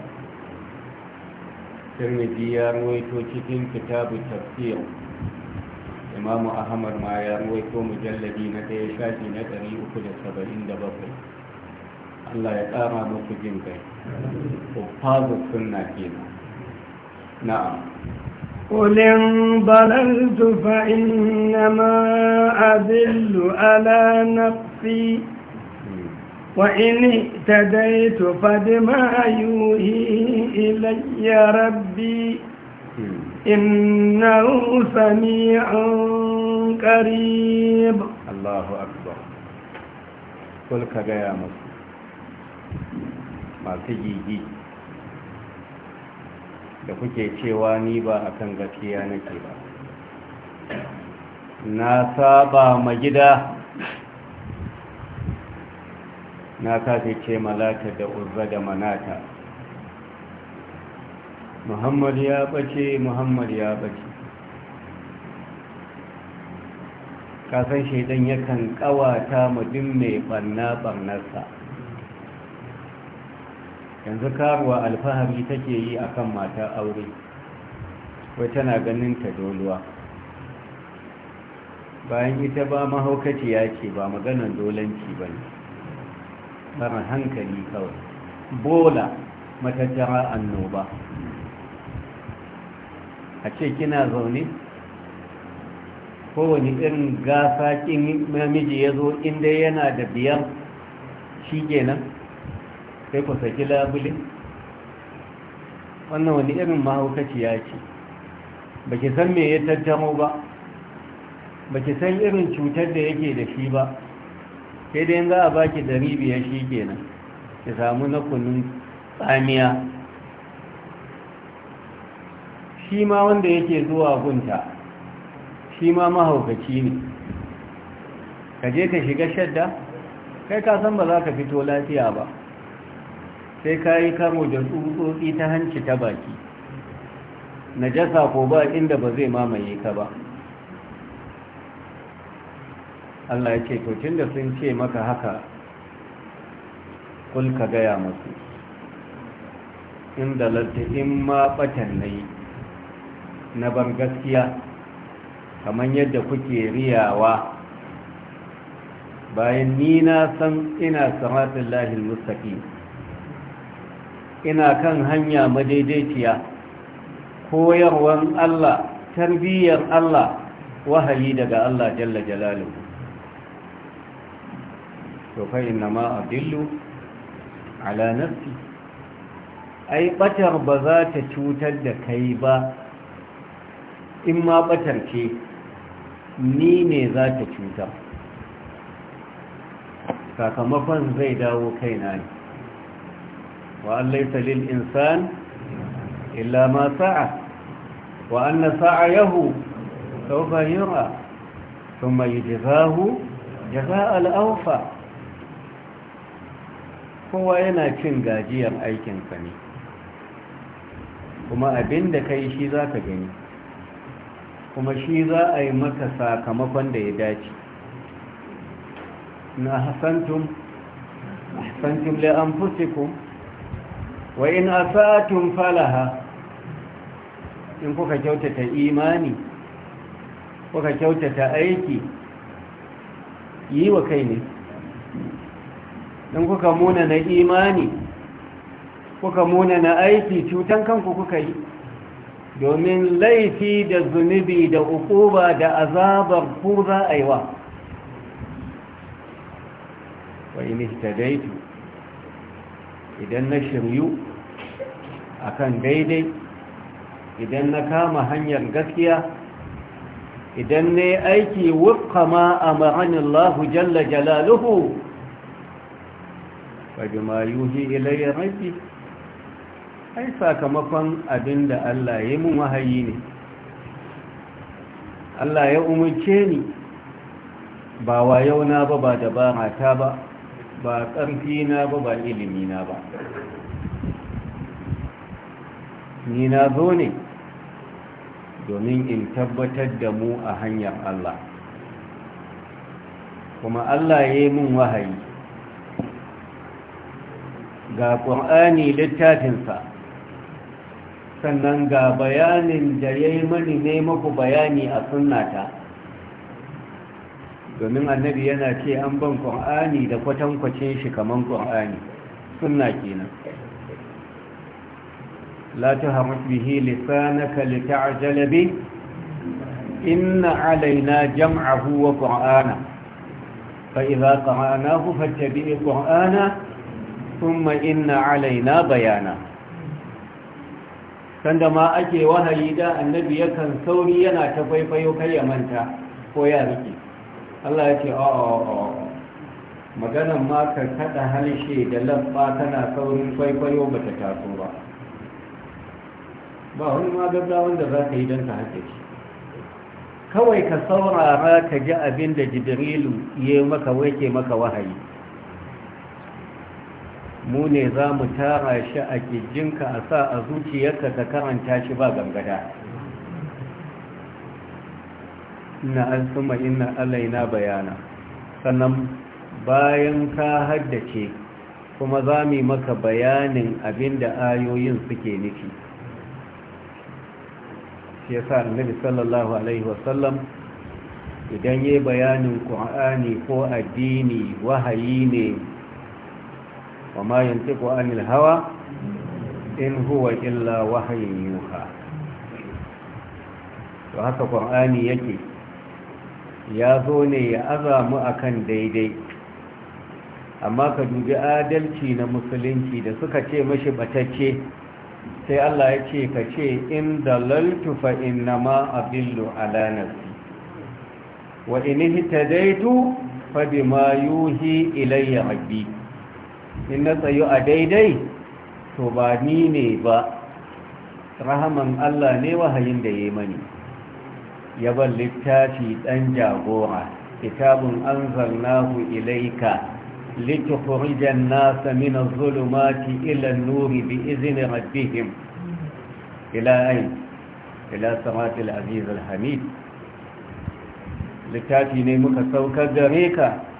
tirmidhi ya ruwaito cikin kitabul tafsir إمام أحمد ما يروي تو مجلدي نتي شاتي نتري وكل السبعين دبابي الله يقارع مفجين كي وفاض السنة كينا نعم قل إن ضللت فإنما أذل على نفسي وإن اهتديت فبما يوهي إلي ربي إنه سميع قريب الله أكبر قل كجايا مصر ما تجيجي da kuke cewa ni ba a kan gaskiya nake ba na saba ma gida na kafe ce da uzza da manata muhammad ya ɓace muhammad ya ɓace kasan shaidan yakan ƙawata mutum mai ɓanna ɓarnarsa yanzu karuwa alfahari take yi akan matar aure wai tana ganin ta doluwa bayan ita ba ya ce ba maganan dolanci ba ne tsarin hankali kawai bola matattara annoba a ce kina zaune kowane irin gasa kin namiji ya zo inda yana da biyar shi kenan sai ku saki labule wannan wani irin mahaukaciya ce ba ki san me ya tattamo ba ba ki san irin cutar da yake da shi ba sai dai za a baki dari biyar shi kenan ki samu na kunun tsamiya shi ma wanda yake zuwa gunta shi ma mahaukaci ne ka je ka shiga shadda kai ka san ba za ka fito lafiya ba sai ka yi kamo da tsutsotsi ta hanci ta baki Na najasa ko ba inda ba zai mamaye ka ba Allah ya ce to da sun ce maka haka kulka gaya masu. inda in ma na yi na bar gaskiya kamar yadda kuke riyawa bayan ni na san ina saratun lahil mustaƙi ina kan hanya madaidaiciya koyarwar Allah tarbiyyar Allah wahayi daga Allah jalla jalalu to fa inna ma adillu ala nafsi ai batar ba za ta cutar da kai ba in ma batar ce ni ne za ta cuta sakamakon zai dawo kaina ne wa an laisa lil insan illa ma sa'a wa sa'a yahu, sawfa yura thumma yujzahu jazaa al-awfa kowa yana cin gajiyar aikinsa ne kuma abinda yi shi za ka gani kuma shi za a yi maka sakamakon da ya dace na hasantum ahsantum li anfusikum wa in asatum falaha in kuka kyautata imani kuka kyautata aiki yi wa kai ne in kuka muna na imani kuka muna na aiki cutan kanku kuka yi domin laifi da zunubi da ukuba da azabar ku za a yi wa idan na shiryu akan daidai idan na kama hanyar gaskiya idan ne aiki wukama ma a ma'anillahu jalla jalaluhu wa bima yuhi ilayya rabbi ai sakamakon abin da Allah ya mun wahayi ne Allah ya umarce ni ba wa yau na ba ba dabara ta ba ba ƙarfi na ba ba ilimi na ba ni na zo ne domin in tabbatar da mu a hanyar Allah kuma Allah ya yi mun wahayi ga ƙwar'ani littafinsa sannan ga bayanin da ya yi mani ne maku bayani a sunnata domin annabi yana ce an ban ƙwa'ani da kwatankwacin shi kamar ƙwa'ani sunna kenan la ta hamus bihi lisanaka li ta'jala bi inna alaina jam'ahu wa qur'ana fa idza qara'nahu fattabi' qur'ana thumma inna alaina bayana sanda ma ake wahayi da annabi yakan sauri yana ta faifayo kai ya manta ko ya rike Allah ya ce a oh, oh, oh, maganan ma ka kada halshe da lamba tana saurin faifayo ba ta taso ba ba wani ma gaggawan da za ka yi don ka hake shi kawai ka saurara ka ji abin da jibrilu ya maka wake maka wahayi mu ne za mu tara shi a ƙijinka a sa a zuciyarka ka karanta shi ba gangada ina an suma ina alaina bayana sannan bayan ka haddace kuma za mu maka bayanin abinda ayoyin suke nufi shi ya sa annabi sallallahu alaihi wasallam idan yi bayanin ƙwa'ani ko addini wahayi ne وما ينطق عن الهوى إن هو إلا وحي To haka القرآن يكي ya zo ne ya aza mu akan daidai amma ka dubi adalci na musulunci da suka ce mashi batacce sai Allah ya ce ka ce in dalaltu fa innama abillu ala nafsi wa in ihtadaitu fa bima yuhi ilayya rabbi in na tsayo a daidai to ba ni ne ba rahaman Allah ne wahayin da ya mani ya ban littafi ɗan jagora kitabun an zarnahu ilaika littafurijan nasa min zulumati ilan nuri bi izini rabbihim ila ain ila samati al hamid littafi ne muka saukar gare ka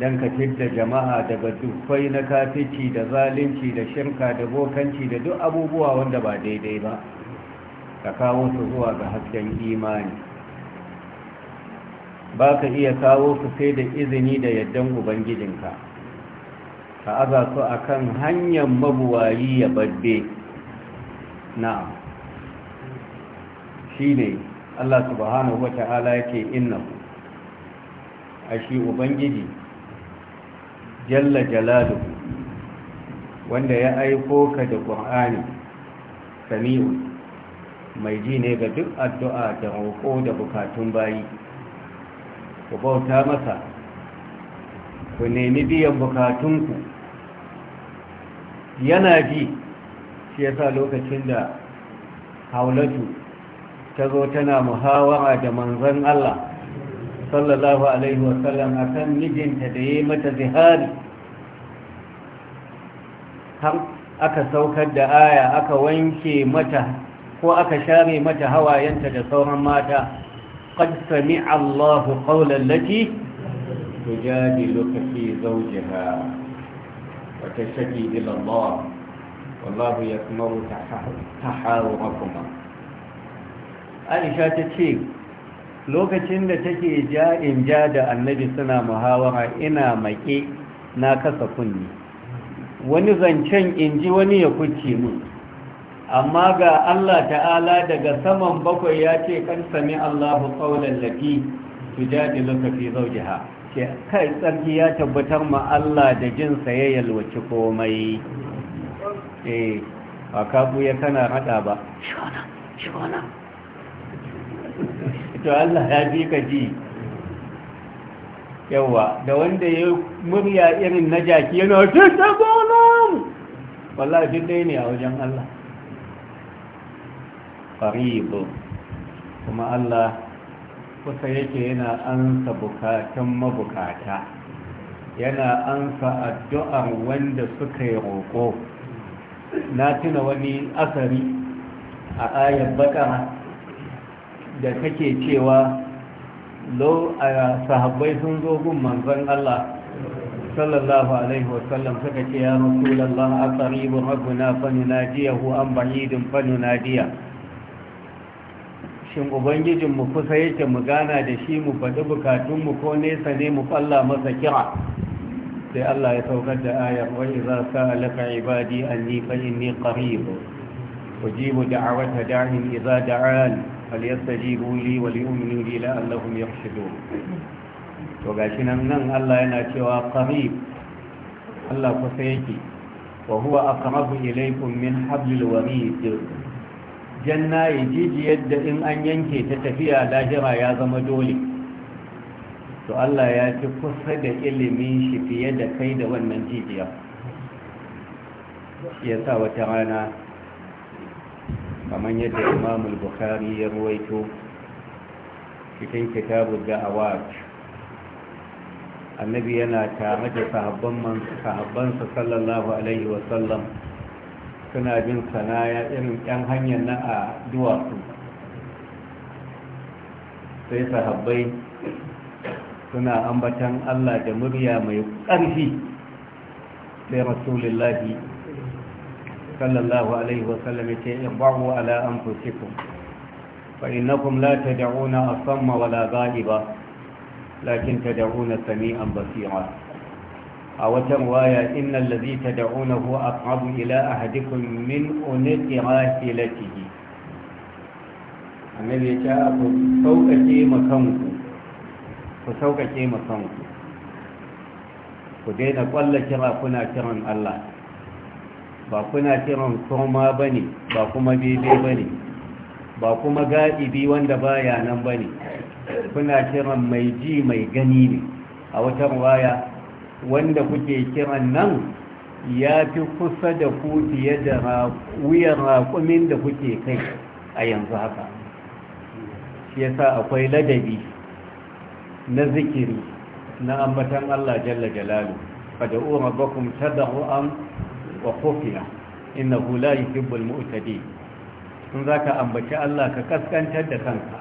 don ka da jama'a daga dubbai na kafici da zalunci da shirka da bokanci da duk abubuwa wanda ba daidai ba ka kawo su zuwa ga hasken imani ba ka iya kawo su sai da izini da yardan ubangijinka ka aza su a kan hanyar mabuwayi ya babbe na shi ne allah subhanahu wa ta'ala yake inna a shi ubangiji jalla jalalu wanda ya aiko ka da ƙur'ani sami'u mai ji ne ga duk addu'a da roƙo da bukatun bayi ku bauta masa ku nemi biyan bukatunku yana ji shi yasa lokacin da haulatu ta zo tana muhawara da manzon Allah sallallahu alaihi wasallam a kan mijinta da ya yi mata zihari har aka saukar da aya aka wanke mata ko aka share mata hawayenta da sauran mata قد سمع الله قول التي تجادلك في زوجها وتشكي إلى الله والله يسمع تحاوركما عائشة تشيك lokacin da take ja in ja da annabi suna muhawara ina maƙe na kasa kunni wani zancen in ji wani ya kuce mu. amma ga Allah ta'ala daga saman bakwai ya ce kan sami Allahu qawlan lati tujadiluka fi zawjiha ke kai tsarki ya tabbatar ma Allah da jin sa ya komai eh ba ka buya kana hada ba shona shona to Allah ya ji ka ji yawa da wanda ya murya irin na jaki yana ta gonon wallahi duk dai ne a wajen Allah qaribu kuma Allah kusa yake yana ansa bukatan mabukata yana ansa addu'ar wanda suka yi roƙo na tuna wani asari a ayar bakara da kake cewa lo sahabbai sun zo gun manzon Allah sallallahu alaihi wasallam suka ce ya rasulullah aqribun rabbuna fanunadiyahu am ba'idun fanunadiya shin ubangijin mu kusa yake mu gana da shi mu faɗi bukatun mu ko nesa ne mu falla masa kira sai Allah ya saukar da ayar wa idza sa'alaka ibadi anni Ku ji mu ujibu da'wata da'in idza da'ani فليستجيبوا لي وليؤمنوا لي لعلهم يرشدون to gashi nan nan Allah yana cewa qarib Allah kusa yake wa huwa aqrabu ilaykum min hablil warid janna jijiyar da in an yanke ta tafiya lahira ya zama dole to Allah ya fi kusa da ilimin shi fiye da kai da wannan jijiya ya sa wata rana kamar yadda imamul bukhari ya ruwaito cikin kitabu da awaj annabi yana tare da sahabban sahabbansa sallallahu alaihi wasallam suna bin sanaya irin yan hanyar na a duwatsu sai sahabbai suna ambatan allah da murya mai ƙarfi sai rasulullahi sallallahu alaihi wasallam ya ce ibahu ala anfusikum fa innakum la tad'una asamma wala ghaiba lakin tad'una sami'an basira a wata riwaya innal ladhi tad'unahu aqrabu ila ahadikum min unqi rahilatihi annabi ya ce ku sauƙaƙe makanku ku sauƙaƙe makanku ku daina ƙwallo kira kuna kiran Allah ba kuna kiran koma ba ne ba kuma bebe ba ne ba kuma gaɗibi wanda baya nan ba ne kuna kiran mai ji mai gani ne a wata waya wanda kuke kiran nan ya fi kusa da ku fiye da wuyan raƙumin da kuke kai a yanzu haka shi yasa akwai ladabi na zikiri na ambatan Allah jalla jalalu da'u rabbakum tad'u an wa kofiya inna hula yi hibbul mu'tadi sun za ka ambaci Allah ka kaskantar da kanka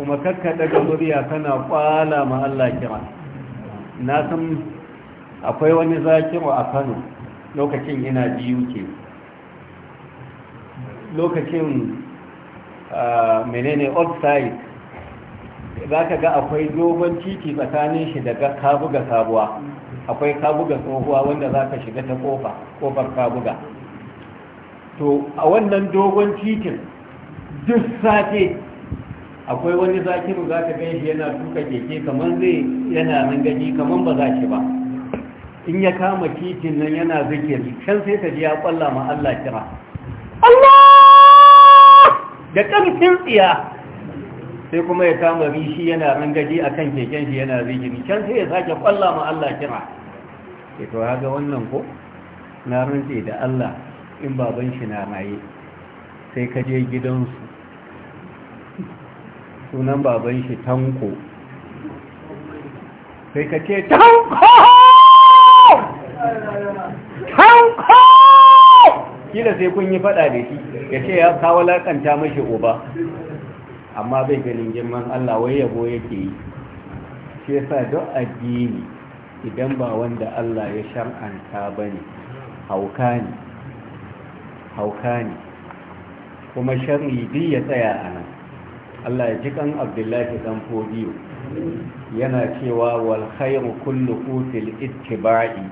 kuma kakka daga zuriya kana kwala ma Allah kira na san akwai wani zakiru a Kano lokacin ina biyu ke lokacin menene offside za ka ga akwai dogon titi tsakanin shi daga ka buga sabuwa akwai kabuga tsohuwa wanda za ka shiga ta kofa kofar kabuga to a wannan dogon titin duk sati akwai wani zakiru za ka gan shi yana tuka keke kamar zai yana nan gaji kamar ba za shi ba in ya kama titin nan yana zikiri can sai ka ji ya kwalla ma Allah kira Allah da ƙarfin tsiya sai kuma ya kama rishi yana rangaji a kan keken shi yana rigini can sai ya sake kwalla ma Allah kira ke eh, to haga wannan ko na rantse da Allah in baban shi na maye sai ka je gidansu sunan baban shi tanko sai ka ce tanko tanko kila sai kun yi fada da shi ya ce ya kawo lakanta mashi uba amma bai ganin girman Allah wai yabo yake yi shi yasa duk addini idan ba wanda Allah ya shar'anta bane hauka ne hauka ne kuma sharri ya tsaya a nan Allah ya ji kan Abdullahi dan Fodiyo yana cewa wal khairu kulluhu fil ittiba'i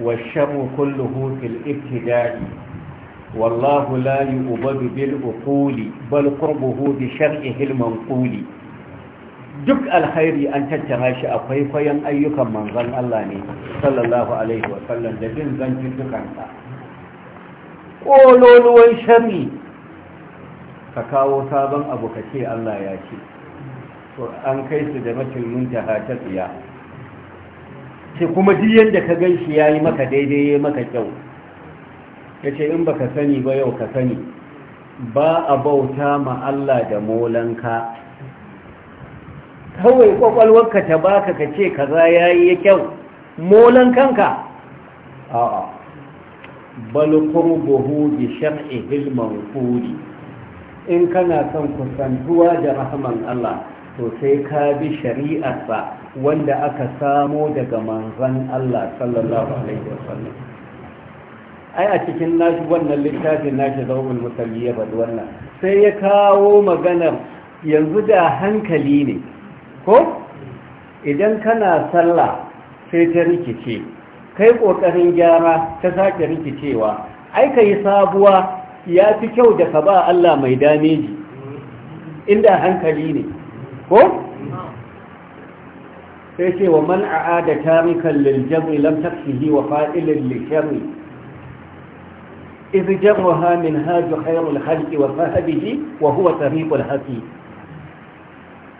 wash sharru kulluhu fil ibtida'i والله لا يؤبد بالعقول بل قربه بشرعه المنقول duk alkhairi an tattara shi a kwaikwayon ayyukan manzon Allah ne sallallahu alaihi wa sallam da bin zantuntukansa ƙololuwan shari ka kawo sabon abu ka ce Allah ya ce to an kai su da matulmin ta tsiya sai kuma duk yadda ka gan shi ya yi maka daidai ya maka kyau ya ce in ka sani ba yau ka sani ba a bauta ma Allah da molanka kawai kwakwalwarka ta baka ka ce kaza yayi ya kyau molan kanka a'a bal buhu bi shar'i hilman kudi. in kana son kusantuwa da rahman Allah to sai ka bi shari'arsa wanda aka samo daga manzon Allah sallallahu alaihi wasallam ai a cikin nashi wannan littafin nashi zaumul musalli ya faɗi wannan sai ya kawo maganar yanzu da hankali ne ko idan kana sallah sai ta rikice kai ƙoƙarin gyara ta sake rikicewa ai ka sabuwa ya fi kyau da ka ba Allah mai dameji inda hankali ne ko sai ce wa man a'ada tarikan lil lam takfihi wa fa'ilin li إذ جرها منهاج خير الخلق وفهبه وهو طريق الحقي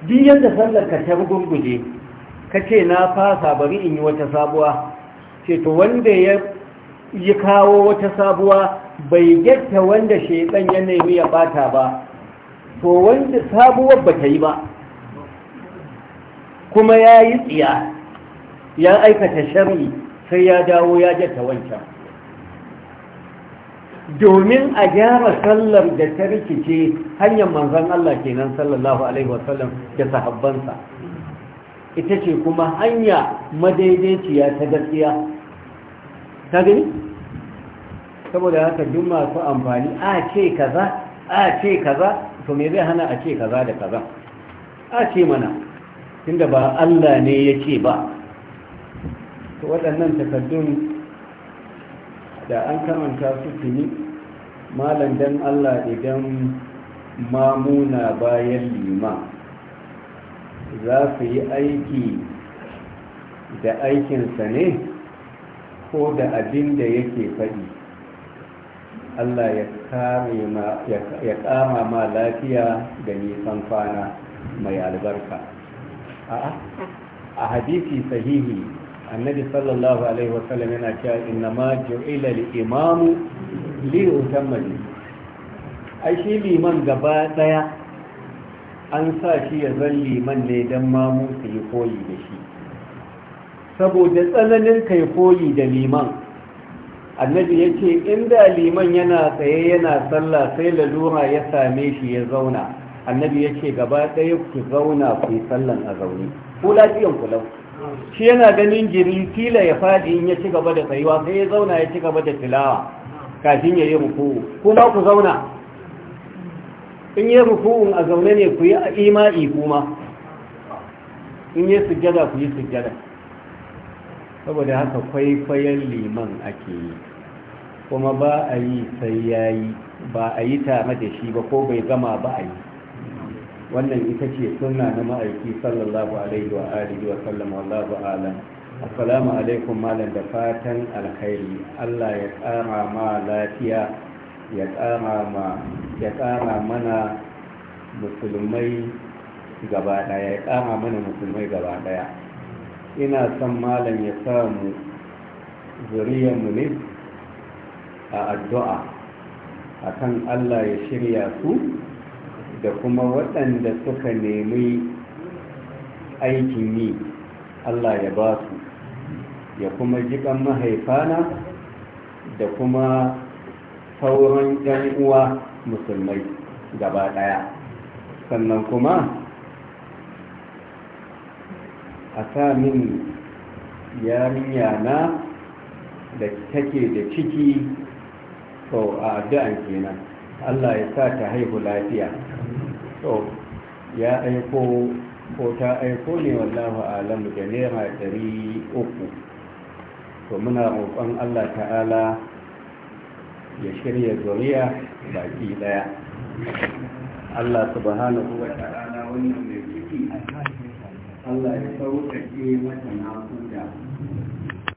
دي يند سلك ترغم guje kace na fasa bari in yi wata sabuwa ce to wanda ya yi kawo wata sabuwa bai yadda wanda shekan ya nemi ya bata ba to wanda sabuwar ba ta yi ba kuma ya yi tsiya ya aikata shari sai ya dawo ya jata wancan domin a gyara sallar da ta rikice hanyar manzan Allah kenan sallallahu alaihi wasallam da sahabbansa ita ce kuma hanya madaidaiciya ta gaskiya ta gani saboda haka duk masu amfani a ce kaza a ce kaza to me zai hana a ce kaza da kaza a ce mana tunda ba Allah ne ya ce ba waɗannan takaddun da an karanta su tuni malam dan allah idan mamuna bayan lima za su yi aiki da aikinsa ne ko da abin da yake faɗi allah ya kama ma lafiya da nisan kwana mai albarka a hadisi sahihi annabi sallallahu alaihi wasallam yana cewa inna ma ju'ila al-imamu li utamma ai shi liman gaba daya an sa shi ya zan liman ne dan mamu su yi koyi da shi saboda tsananin kai koyi da liman annabi ya ce inda liman yana tsaye yana sallah sai lalura ya same shi ya zauna annabi ya ce gaba ɗaya ku zauna ku yi sallan a zaune ko lafiyan ku lafiya shi yana ganin jiri tila ya faɗi in ya ci gaba da tsayuwa sai ya zauna ya ci gaba da tilawa kafin ya yi ruku kuma ku zauna in yi ruku a zaune ne ku yi a imani kuma in yi sujjada ku yi sujjada saboda haka kwaikwayon liman ake yi kuma ba a yi sai ya yi ba a yi tare da shi ba ko bai zama ba a yi wannan ita ce suna na ma'aiki sallallahu alaihi wa alihi wa sallam wallahu alam assalamu alaikum malam da fatan alkhairi Allah ya tsara ma lafiya ya tsara ma ya tsara mana musulmai gaba daya ya tsara mana musulmai gaba daya ina son malam ya samu zuriyar mu ne a addu'a akan Allah ya shirya su da kuma waɗanda suka nemi aikin yi Allah ya ba su ya kuma jikan mahaifana da kuma sauran yan uwa musulmai gaba ɗaya sannan kuma a sa min yarinya na da take da ciki to a addu'an kenan Allah ya sa ta haihu lafiya to ya aiko ko ta aiko ne wallahu alamu da naira dari uku to muna roƙon Allah ta'ala ya shirya zuriya baki ɗaya Allah subhanahu wa ta'ala wani mai ciki Allah ya sauke mata nakuda